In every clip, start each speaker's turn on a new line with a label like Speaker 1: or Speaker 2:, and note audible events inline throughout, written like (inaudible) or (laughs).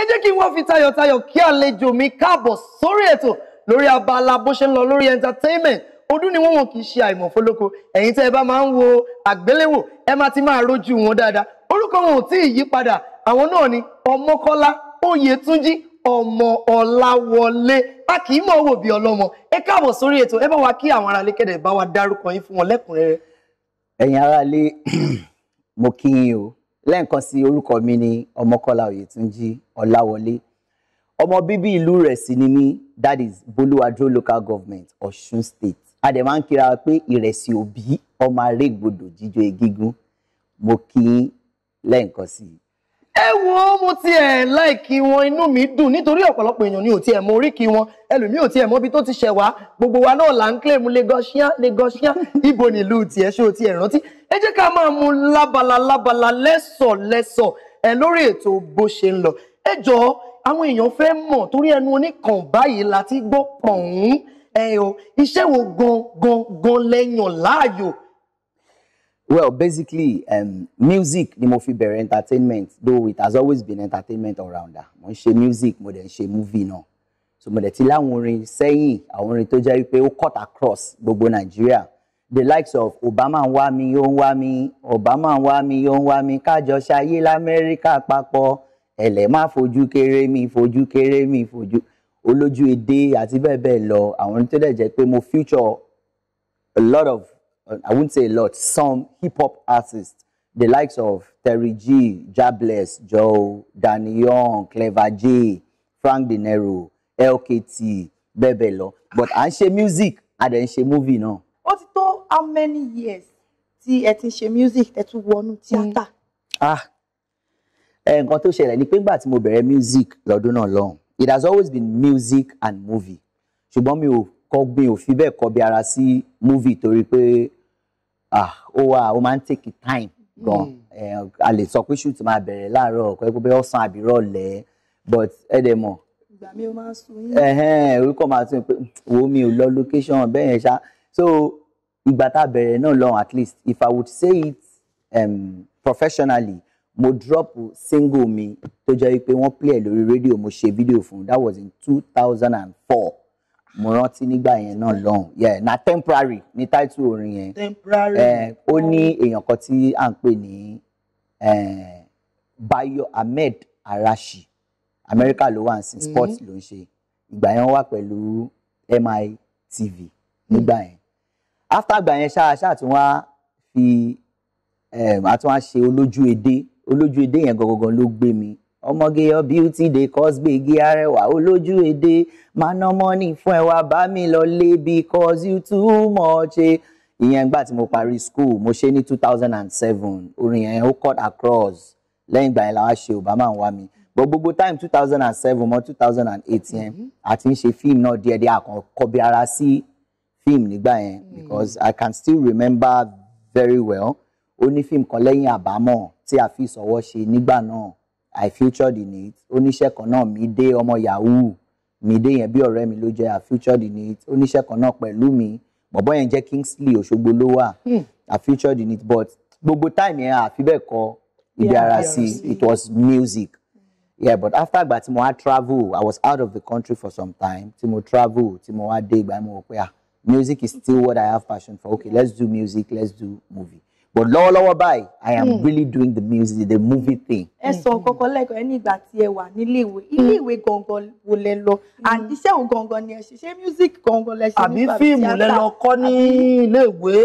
Speaker 1: ẹ jẹ́ kí wọ́n fi tayọ̀tayọ̀ kí àlejò mi káàbọ̀ sórí ètò lórí abala bó ṣe ń lọ lórí entertainment ọdún ni wọ́n wọn kì í ṣe àìmọ̀ fólókó ẹ̀yin tẹ́ ẹ bá máa ń wo àgbéléwò ẹ máa ti máa rojú wọn dáadáa orúkọ wọn ò tí ì yí padà àwọn náà ni ọmọkọ́lá oyètúnjí ọmọ ọláwọlé a kì í mọ̀ wò bí ọlọ́mọ ẹ káàbọ̀ sórí ètò ẹ bá wa kí àwọn ará lékèdè bá wa dárúkọ yín fún wọn lẹ́kùnrẹ́rẹ́.
Speaker 2: ẹ̀yin aráalé (clears throat) mo kí yín o lẹ́ǹkan sí orúkọ mi ni ọmọkọ́lá oyètúnjí ọláwọlé ọmọ bíbí ìlú rẹ̀ sì ni mí that is bolúwadúró local government ọ̀ṣun state a dẹ̀ máa ń kíra pé ìrẹsì òbí ọmọ arégbodò jíjọ egígún mo kí yín sí i
Speaker 1: ẹ wo mo ti ẹ̀ láìkí wọn inú mi dùn nítorí ọ̀pọ̀lọpọ̀ èèyàn ni ò tiẹ̀ mọ oríkì wọn ẹlòmíì ò tiẹ̀ mọ ibi tó ti ṣẹ̀ wá gbogbo wa náà là ń kílèmù Lagosian Lagosian ibo nílùú tiẹ̀ ṣé o tiẹ̀ rántí ẹ jẹ́ ká máa mu lábala lábala lẹ́sọ̀ lẹ́sọ̀ ẹ lórí ètò bó ṣe ń lọ ẹ jọ àwọn èèyàn fẹ́ mọ̀ torí ẹnu oníkan báyìí láti gbọ́ pọ̀n ẹ̀ o iṣẹ́ wo gan gan gan lẹ́yàn láàyò
Speaker 2: well basically um, music ni mo fi bẹ̀rẹ̀ entertainment though it has always been entertainment all-rounder mo ń ṣe music mo dẹ̀ ń ṣe movie náà so mo dẹ̀ ti láwọn orin sẹ́yìn àwọn orin tó jẹ́ wípé ó cut across gbogbo Nigeria, the likes of Obama ń wá mi ó ń wá mi Obama ń wá mi ó ń wá mi kájọ ṣayé l'Amẹ́ríkà papọ̀ ẹ̀lẹ́ má fojú kéré mi fojú kéré mi fojú olójú èdè àti bẹ́ẹ̀ bẹ́ẹ̀ lọ àwọn orin tó dẹ̀ jẹ́ pé mo future a lot of I wouldn't say a lot, some hip hop artists, the likes of Terry G, Jabless, Joe, Danny Young, Clever J, Frank De Niro, LKT, Bebelo. But à ń music, a dẹ̀ ń movie no.
Speaker 3: Ó ti tó how many years See, ẹ ti music tẹ́ one wọnú tíátà?
Speaker 2: Ah, nǹkan tó ṣẹlẹ̀ ni pé nígbà tí mo bẹ̀rẹ̀ music do náà long. it has always been music and movie. She mi ò kọ́ gbin ò fi bẹ́ẹ̀ kọ́ bí ara movie to pé ah ó wà ó máa ń take time gan hmm. eh, a lè sọ pé shoot máa bẹ̀rẹ̀ láàárọ̀ ọ̀kọ́ ẹ pé bẹ́ẹ̀ ọ̀sán àbí rọ̀lẹ́ but ẹ dẹ̀ mọ̀.
Speaker 3: ìgbà mi ò máa sun yín.
Speaker 2: orúkọ máa tún pé wo mi ò lọ location bẹ́ẹ̀ yẹn ṣá so ìgbà tá a bẹ̀rẹ̀ náà lọ at least if I would say it um, professionally mo drop single mi tó jẹ́ pé wọ́n play lórí rédíò mo ṣe fídíò fún that was in two thousand and four mo rántí nígbà yẹn náà lọ́hùn yeah na temporary ni title orin yẹn
Speaker 1: temporary eh,
Speaker 2: ó ní èèyàn kan tí à ń pè ní eh, Bayo Ahmed Arashi America ló wà sí mm-hmm. sports ló ń ṣe ìgbà yẹn wà pẹ̀lú MITV nígbà yẹn after ìgbà yẹn ṣáà ṣáà tí wọ́n á fi àti wọ́n á ṣe olójú edé olójú edé yẹn gangan ló gbé mi ọmọge yọ beauty dey cause gbègi arẹwà olójú èdè máa ná mọ́nì fún ẹwà bá mi lọ lé because you too much e. ìyẹn gbà tí mo parí school mo ṣe ní two thousand and seven orin yẹn ó cut across lẹ́yìn ìgbà yẹn làwọn ṣe obama ń wá mi but gbogbo time two thousand and seven mọ two thousand and eight yẹn àti ń ṣe fíìmù náà díẹ̀ díẹ̀ àkàn ara sí fíìmù nígbà yẹn hmm. because i can still remember very well ó ní fíìmù kan lẹ́yìn àbámọ̀ tí a fi ìsọwọ́ ṣe nígbà náà I featured in it oníṣẹ́ kan náà mi dé ọmọ yahoo mi dé yẹn bí ọ̀rẹ́ mi ló jẹ́ I featured in it oníṣẹ́ kan náà pẹ̀lú mi bọ̀bọ́ yẹn jẹ́ Kingsley Òṣogbo ló wà hmm. I featured in it but gbogbo time yẹn àfi bẹ́ẹ̀ kọ ìdí ara sí it was music yeah but after ìgbà tí mo wá travel I was out of the country for some time tí mo travel tí mo wá dé ìgbà mo wò pé ah music is still what I have passion for okay let's do music let's do movie but lọ́wọ́lọ́wọ́ báyìí i am mm. really doing the music the movie thing.
Speaker 3: ẹ sọ kọ́kọ́ lẹ́kọ̀ọ́ ẹ ní ìgbà tí ẹ wà nílé ìwé ilé hmm. ìwé gangan wo lẹ lọ hmm. and iṣẹ́ wo gangan ni ẹ ṣe ṣe music gangan lẹ ṣe nípa tíátà àbí fíìmù lẹ lọ
Speaker 2: kọ́ ní ilé ìwé.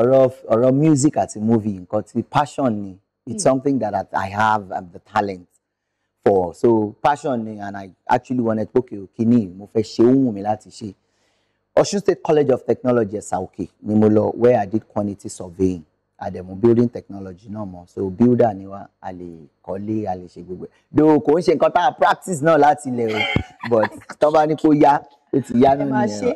Speaker 2: ọ̀rọ̀ ọ̀rọ̀ music àti movie nǹkan ti passion ni it's mm. something that i have um, the talent for so passion ni and i actually wanted pé okay okay oh, ni mo fẹ́ ṣe ohun mi láti ṣe Osun State College of Technology Ẹ̀sà Òkè ni mo lọ where i did quantity surveying àdẹ̀mú building technology náà mọ̀ so builder ni wá a lè kọ́lé a lè ṣe gbogbo ẹ̀ though kò ń ṣe nǹkan tá a practice náà láti ilẹ̀ o but tó bá ní kó yá ó ti yá nínú ìyẹn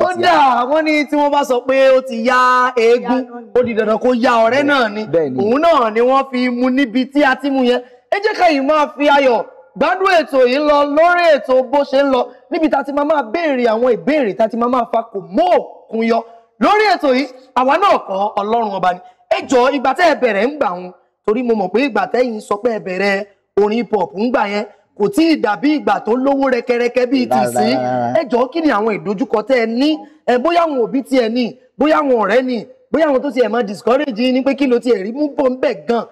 Speaker 1: kódà wọ́n ní tí wọ́n bá sọ pé ó ti ya eégún ó di dandan kó ya ọ̀rẹ́ náà ni òun náà ni wọ́n fi mu níbi tí a ti mu yẹn ẹ jẹ́ ká yìí máa fi ayọ̀ gbádùn ètò yìí lọ lórí ètò bó ṣe ń lọ níbi tá a ti máa máa béèrè àwọn ìbéèrè tá a ti máa máa fa kò mọ́ òkun yọ lórí ètò yìí àwa náà kọ́ ọlọ́run ọba ni ẹ ìgbà tẹ́ ẹ bẹ̀rẹ̀ ń gbà wọn torí mo mọ̀ pé ìgbà tẹ́yìn sọ pé ẹ bẹ̀rẹ̀ orin hip ń gbà yẹn kò tí ì dàbí ìgbà tó lówó rẹkẹrẹkẹ bíi ti sí ẹ kí ni àwọn ìdojúkọ tẹ́ ẹ ní ẹ bóyá àwọn òbí tiẹ̀ ní bóyá àwọn ọ̀rẹ́ ní bóyá àwọn tó ti ẹ̀ mọ́ discourage ni pé kí
Speaker 2: ló ti ẹ̀ rí mú bọ́ ń bẹ̀ gan.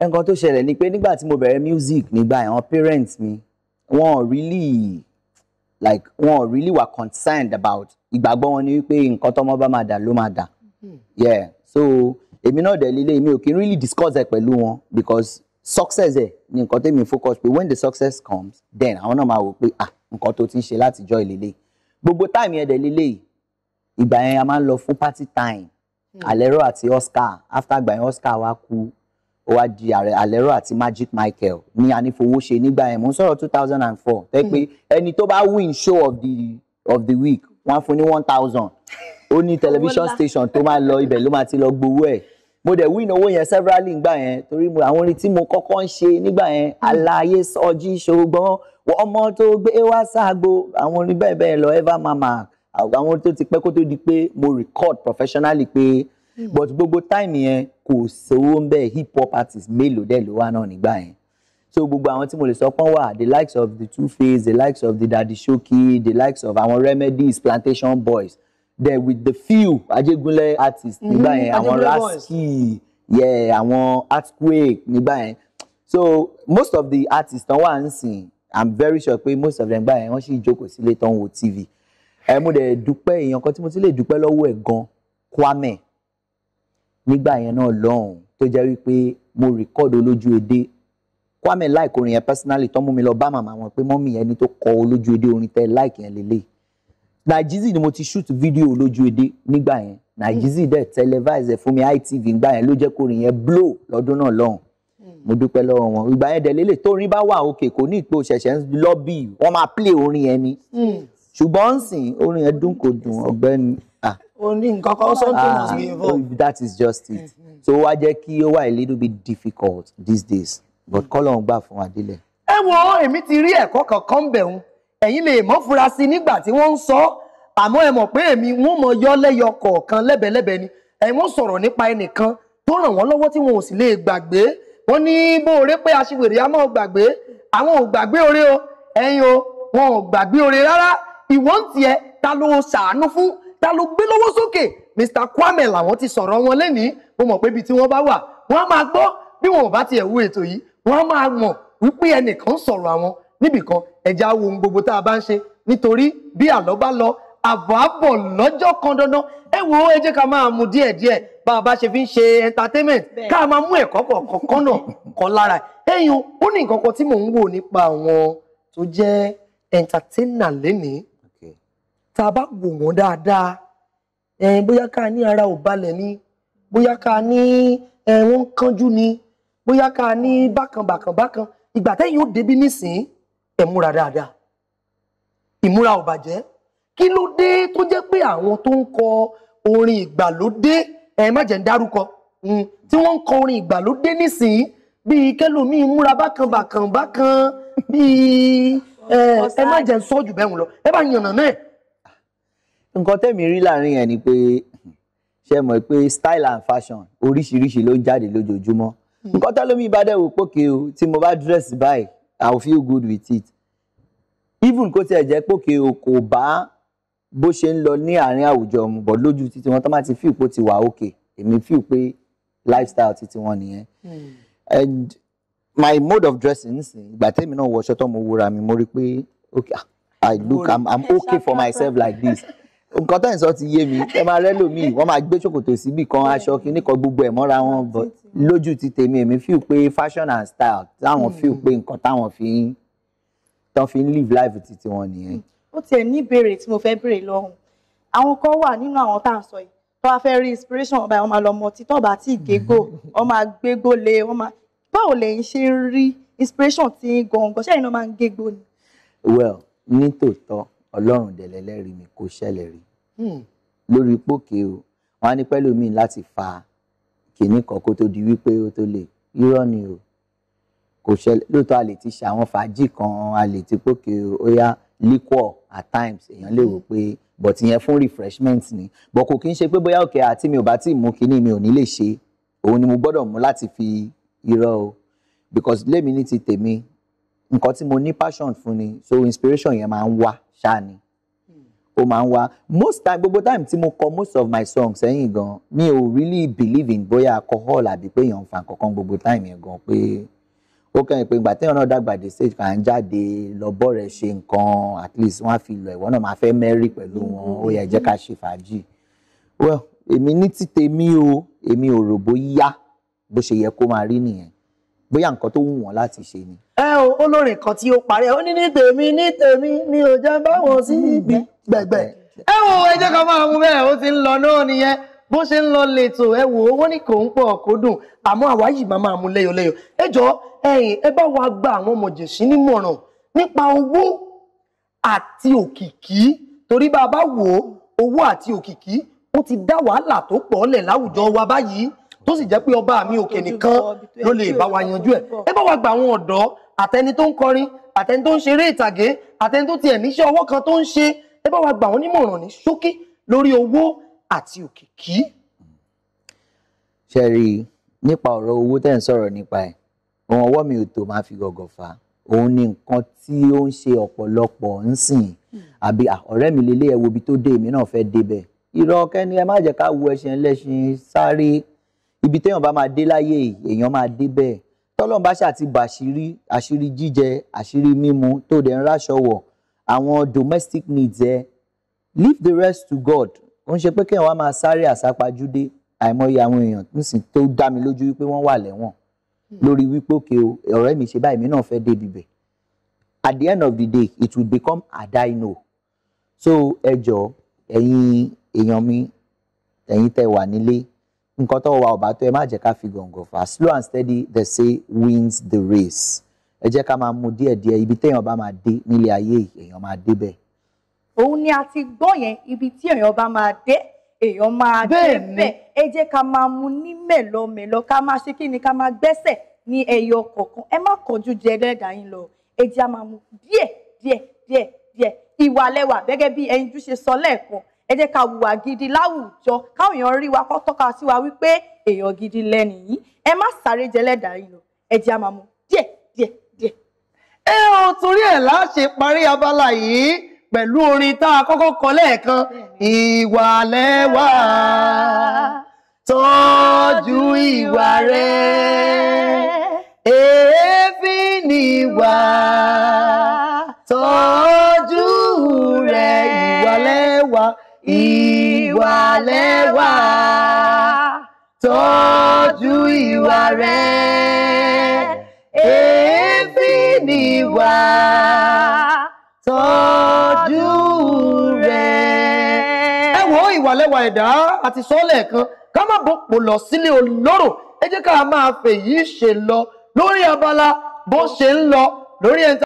Speaker 2: nǹkan tó ṣẹlẹ̀ ni pé nígbà tí mo bẹ̀rẹ̀ music nígbà àwọn parents mi wọ́n really like wọ́n really were concerned about ìgbàgbọ́ wọn ni wípé nǹkan tọ́mọ bá máa dà ló máa dà hmm. yeah so èmi náà dẹ̀ lílé mi ò kí n really discuss ẹ̀ pẹ̀lú wọn because success ẹ̀ ni nǹkan tẹ́mi focus pé when the success comes then àwọn náà máa wò pé ah nǹkan tó ti ń ṣe látijọ́ ìlélẹ̀ gbogbo táìmì ẹ̀dẹ̀ lílé ìgbà yẹn a máa ń lọ fún party time hmm. Alero àti Oscar after ìgbà yẹn Oscar wa kú ó wá di Alero àti Magic Michael ní anífowóṣe nígbà yẹn mo ń sọ̀rọ̀ two thousand and four tẹ́ pé hmm. ẹni tó bá win show of the of the week wọ́n á fún ní one thousand ó ní television station tó máa lọ ibẹ̀ ló máa ti lọ gbowó ẹ̀ mo dẹ̀ win owó yẹn severally ngbà yẹn torí àwọn orin tí mo kọ́kọ́ ń ṣe nígbà yẹn hmm. aláyé sọjí ṣògbọ́n ọmọ tó gbé wá sáàgbó àwọn orin bẹ́ẹ̀ bẹ́ẹ̀ lọ ever mama àwọn tó ti pẹ́ kó tó di pé mo record professionally pé hmm. but gbogbo time yẹn kò sówó ń bẹ́ẹ̀ hip hop artist mélòó dẹ̀ ló wà náà nígbà yẹn so gbogbo àwọn tí mo lè sọ pọ́n wà the likes of the two face the likes of the daddy shoki the likes of àwọn remedies plantation boys then with the few ajégúnlẹ̀ artists mhm, nígbà yẹn àwọn Raski, yeah àwọn artquake nígbà yẹn so most of the artists tán wà ń sìn i'm very sure pé most of them gbà yẹn wọ́n sì jókòó sílé tán wo tv ẹ mo dẹ̀ dúpẹ́ èèyàn kan tí mo ti lè dúpẹ́ lọ́wọ́ ẹ̀ gan Kwame nígbà yẹn náà lọ́hùn tó jẹ́ wípé mo rìkọ́ọ̀dù olójú edé Kwame like orin yẹn personally tó mú mi lọ bá màmá wọn pé mọ́mì ẹni tó kọ olójú èdè orin tẹ like yẹn lélẹ̀ Najizi ni mo ti shoot video olójú èdè nígbà yẹn Najizi hmm. dẹ̀ televise ẹ̀ fún mi ITV nígbà yẹn ló jẹ́ kó orin yẹn blow lọ́dún náà lọ́hùn hmm. mo dúpẹ́ lọ́wọ́ wọn ìgbà yẹn dẹ̀ lélẹ̀ tórin bá wà òkè kò ní ìpè òṣẹ̀ṣẹ̀ ń lọ́bì wọ́n máa play orin yẹn ni hmm. ṣùgbọ́n ń orin yẹn dún kò dùn ọ̀gbẹ́ni.
Speaker 1: orin nǹkan kan something must be ah, involved.
Speaker 2: Oh, that is just it. so ó wá jẹ́ kí ó wà a little bit difficult these days but mm. kọ́lọ́run gbà fún wa délẹ̀.
Speaker 1: ẹ wo èmi ti rí ẹ̀kọ́ kankan ń bẹ̀rù ẹ̀yin lè mọ́ fura sí nígbà tí wọ́n ń sọ àmọ́ ẹ mọ̀ pé èmi wọ́n mọ yọ lẹ́yọ kọ̀ọ̀kan lẹ́bẹ̀lẹ́bẹ̀ ni ẹ̀yin wọ́n sọ̀rọ̀ nípa ẹnìkan tó ràn wọ́n lọ́wọ́ tí wọn ò sì lè gbàgbé wọ́n ní bóore pé aṣiwèrè á máa gbàgbé àwọn ò gbàgbé oore o ẹ̀yin o wọn ò gbàgbé oore rárá ìwọ́n tiẹ̀ ta ló ṣàánú fún ta ló gbé lọ́wọ́ sókè Mr Kwame làwọn ti sọ̀rọ̀ wọn lẹ́nìí mo mọ̀ pé ibi tí wọ́n bá wà wọ́n á máa gbọ́ bí wọn ò bá tiẹ̀ wú ètò yìí wọ́n á máa mọ̀ wípé ẹnìkan sọ̀rọ̀ àwọn níbìkan ẹja wo ohun gbogbo tá a bá ń ṣe nítorí bí àlọ́ bá lọ àbọ̀ àbọ̀ lọ́jọ́ kan dandan ẹ wo ẹ jẹ́ ká máa mu díẹ̀ díẹ̀ bá a bá ṣe fi ń ṣe entertainment ká máa mú ẹ̀kọ́ kọ̀ọ̀kan náà kan lára ẹ̀yìn ó ní nǹkan kan tí mò ń wò nípa àwọn tó jẹ́ entertainer lénìí tá a bá wò wọ́n dáadáa bóyá ká ní ara ò balẹ̀ ni bóyá ká ní wọ́n ń kánjú ni bóyá ká ní bákan bákan bákan ìgbà tẹ́yìn ó débí nísìnyí ẹ̀ múra dáadáa ìmúra ò bàjẹ́ kí ló dé tó jẹ́ pé àwọn tó ń kọ orin ìgbàlódé ẹ̀ má jẹ́ ń dárúkọ hmm, tí wọ́n ń kọ orin ìgbàlódé nísìnyí bíi kẹlòmíín múra bákan bákan bákan
Speaker 2: bíi ẹ má jẹ́ ń sọ jù bẹ́ẹ̀ lọ ẹ bá yànnà náà. nǹkan tẹ́mi rí láàrin ẹ̀ ni pé ṣe mọ̀ pé style and fashion oríṣiríṣi ló ń jáde lójoojúmọ́ Hmm. nǹkan tẹ́lómi bá dẹ̀ wò pókè o tí mo bá dress by. i feel good with it even kó tiẹ̀ jẹ́ pókè o kò bá bó ṣe ń lọ ní àárín àwùjọ mu bọ̀ lójú títí wọn tó má ti feel pé ó ti wà okay èmi feel pé lifestyle títí wọn nìyẹn hmm. and my mode of dressing nsìn ìgbà tẹ́mi náà wọṣọ tó mo wúra mi mo rí pé okay ah, i look i'm i'm okay for myself like this. (laughs) nǹkan tó ń sọ ti yé mi ẹ máa rẹ́ lómi wọ́n máa gbé ṣòkòtò síbì kan aṣọ kìíní kan gbogbo ẹ̀ mọ́ra wọn bọ̀ lójú ti tèmi èmi feel pé fashion and style táwọn hmm. feel pé nǹkan táwọn fi ń tán fi ń live life títí wọn nìyẹn. Hmm.
Speaker 3: ó tiẹ̀ ní ìbéèrè tí mo fẹ́ béèrè lọ́hùn àwọn kan wà nínú àwọn tá à ń sọ yìí tó bá fẹ́ rí inspiration ọba wọn (laughs) máa lọ mọ títọ́ bá tí ìgégò wọn máa gbégò lé wọn máa báwo lẹ́yìn ṣe rí inspiration tí gangan ṣẹ́yìn náà máa ń gégò ni.
Speaker 2: well ní tòótọ́ ọlọ́run dẹ̀lẹ́ lẹ́rìí mi kò ṣẹlẹ̀ rí hmm. lórí pòkè o wọn á ní pẹ́ lómi láti fa kìíní kan kó tó di wípé ó tó lè irọ́ ni o kò ṣẹlẹ̀ lóòótọ́ a lè ti ṣe àwọn fàájì kan a lè ti pòkè ó yá liquor at times èèyàn lè rò pé but ìyẹn fún refreshment ni but kò kí n ṣe pé bóyá òkè àti mi ò bá tí ì mú kinní mi ò ní lè ṣe òun ni mo gbọ́dọ̀ mú láti fi irọ́ o because lèmi ní ti tèmi nǹkan tí mo ní passion fún ni so inspiration yẹn máa ń wá ṣáà ni ó máa ń wá most time gbogbo time tí mo kọ most of my songs sẹ́yìn gan mi ò really believe in bóyá alcohol àbí pé èèyàn ń fa nǹkan kan gbogbo time yẹn gan pé ó kẹ́yìn pé ìgbà téèyàn náà dàgbà dé stage kan à ń jáde lọ bọ́ rẹ̀ ṣe nǹkan at least wọ́n á fi lọ ìwọ náà máa fẹ́ mẹ́rì pẹ̀lú wọn ó yẹ jẹ́ ká ṣe fàájì well èmi ní ti tèmi o èmi ò rò bóyá bó ṣe yẹ kó máa rí nìyẹn bóyá nǹkan tó wù wọ́n láti ṣe ni.
Speaker 1: ẹ o olórin kan tí ó parí ẹ ó ní ní tèmi ní tèmi mi ò jẹ báwọn sí ibi gbẹgbẹ ẹ wo ẹ jẹ́ ká máa mú bẹ́ẹ̀ ó ti ń lọ náà nìyẹn bó ṣe ń lọ lẹ́tọ̀ ẹ wò owó ní kò ń pọ̀ kó dùn àmọ́ àwa yìí máa máa mú lẹ́yọlẹ́yọ ẹ jọ ẹ̀yin ẹ bá wa gba àwọn mọ̀jẹ̀sí nímọ̀ràn nípa owó àti òkìkí torí bá a bá wò ó owó àti òkìkí ó ti dá wàhálà tó pọ̀ lẹ̀ láwùjọ tó sì jẹ́ pé ọba mi òkè nìkan ló lè bá wa yanjú ẹ̀ ẹ bá wa gba àwọn ọ̀dọ́ àtẹni tó ń kọrin àtẹni tó ń ṣeré ìtàgé àtẹni tó tiẹ̀ níṣẹ́ ọwọ́ kan tó ń ṣe ẹ bá wa gba àwọn onímọ̀ràn ní ṣókí
Speaker 2: lórí owó àti òkìkí. ṣe rí i nípa ọ̀rọ̀ owó tẹ́ ń sọ̀rọ̀ nípa ẹ̀ ohun ọwọ́ mi ò tó máa fi gọ̀gọ̀ fà òun ni nǹkan tí ó ń ṣe ọ̀pọ̀lọpọ̀ ń sìn àbí ọ̀rẹ́ mi lélẹ̀ ibi tó dé èmi náà fẹ́ débẹ̀ ìrọ̀ kẹ́ni ẹ má jẹ́ ká wo ẹṣin ẹlẹ́ṣin sáré ibi téèyàn bá máa dé láyé èèyàn máa dé bẹ́ẹ̀ tọ́lọ́n bá ṣàti bàṣírí àṣírí jíjẹ àṣírí mímu tó dẹ̀ ń ráṣọ wọ̀ àwọn domestic needs ẹ leave the rest to God ó ń ṣe pé kéèyàn wá máa sáré àsápajúdé àìmọye àwọn èèyàn nísìn tó dá mi lójú wípé wọ́n wà lẹ́wọ̀n hmm. lórí wípé òkè o ọ̀rẹ́ mi ṣe báyìí mi náà fẹ́ dé ibibẹ̀ at the end of the day it will become adaino so ẹ jọ ẹ̀yin èèyàn mi ẹ̀yin tẹ́ wà nílé nǹkan tó wà ọ̀bà tó ẹ má jẹ́ ká fi gọ̀ǹgọ̀ fà slow and steady they say wins the race ẹ jẹ́ ká máa mu díẹ̀díẹ̀ ibi téèyàn bá máa dé nílé ayé èèyàn máa dé bẹ́ẹ̀.
Speaker 3: òun ni a ti gbọ́ yẹn ibi tí èèyàn bá máa dé èèyàn máa dé bẹ́ẹ̀ ẹ jẹ́ ká máa mu ní mẹ̀lọmẹ̀lọ ká máa ṣe kí ni ká máa gbẹ́sẹ̀ ní ẹyọ kọ̀ọ̀kan ẹ má kọjú jẹ ẹlẹ́dàá yín lọ ẹ jẹ́ á máa mu díẹ̀ díẹ̀ díẹ̀ ìwà lẹ́wà gẹ́gẹ́ bí ẹyinjú ṣe sọ lẹ́ẹ̀kan ẹ jẹ́ ká wùwà gidi láwùjọ káwọn èèyàn rí wa kó tọ́ka sí wa wípé èèyàn gidi lẹ́nu yìí ẹ má sáré jẹlẹ́dà yìí lọ ẹ jẹ́ àmàmù díẹ̀ díẹ̀ díẹ̀. ẹ ò
Speaker 1: torí ẹ̀ láṣẹ parí abala yìí pẹ̀lú orin tá a kọ́kọ́ kọ lẹ́ẹ̀kan ìwà tọ́jú ìwà rẹ̀ èéfín ìwà. ìwà lẹ́wà tọ́jú ìwà rẹ̀ èéfín ìwà tọ́jú rẹ̀. ẹ wo ìwà lẹ́wà ẹ̀dá àti sọ́ọ̀lẹ̀ kan ká má bòpò lọ sílé olóró ẹ jẹ́ ká máa fèyí ṣe lọ lórí abala bó ṣe ń lọ lórí ẹ̀ńtà.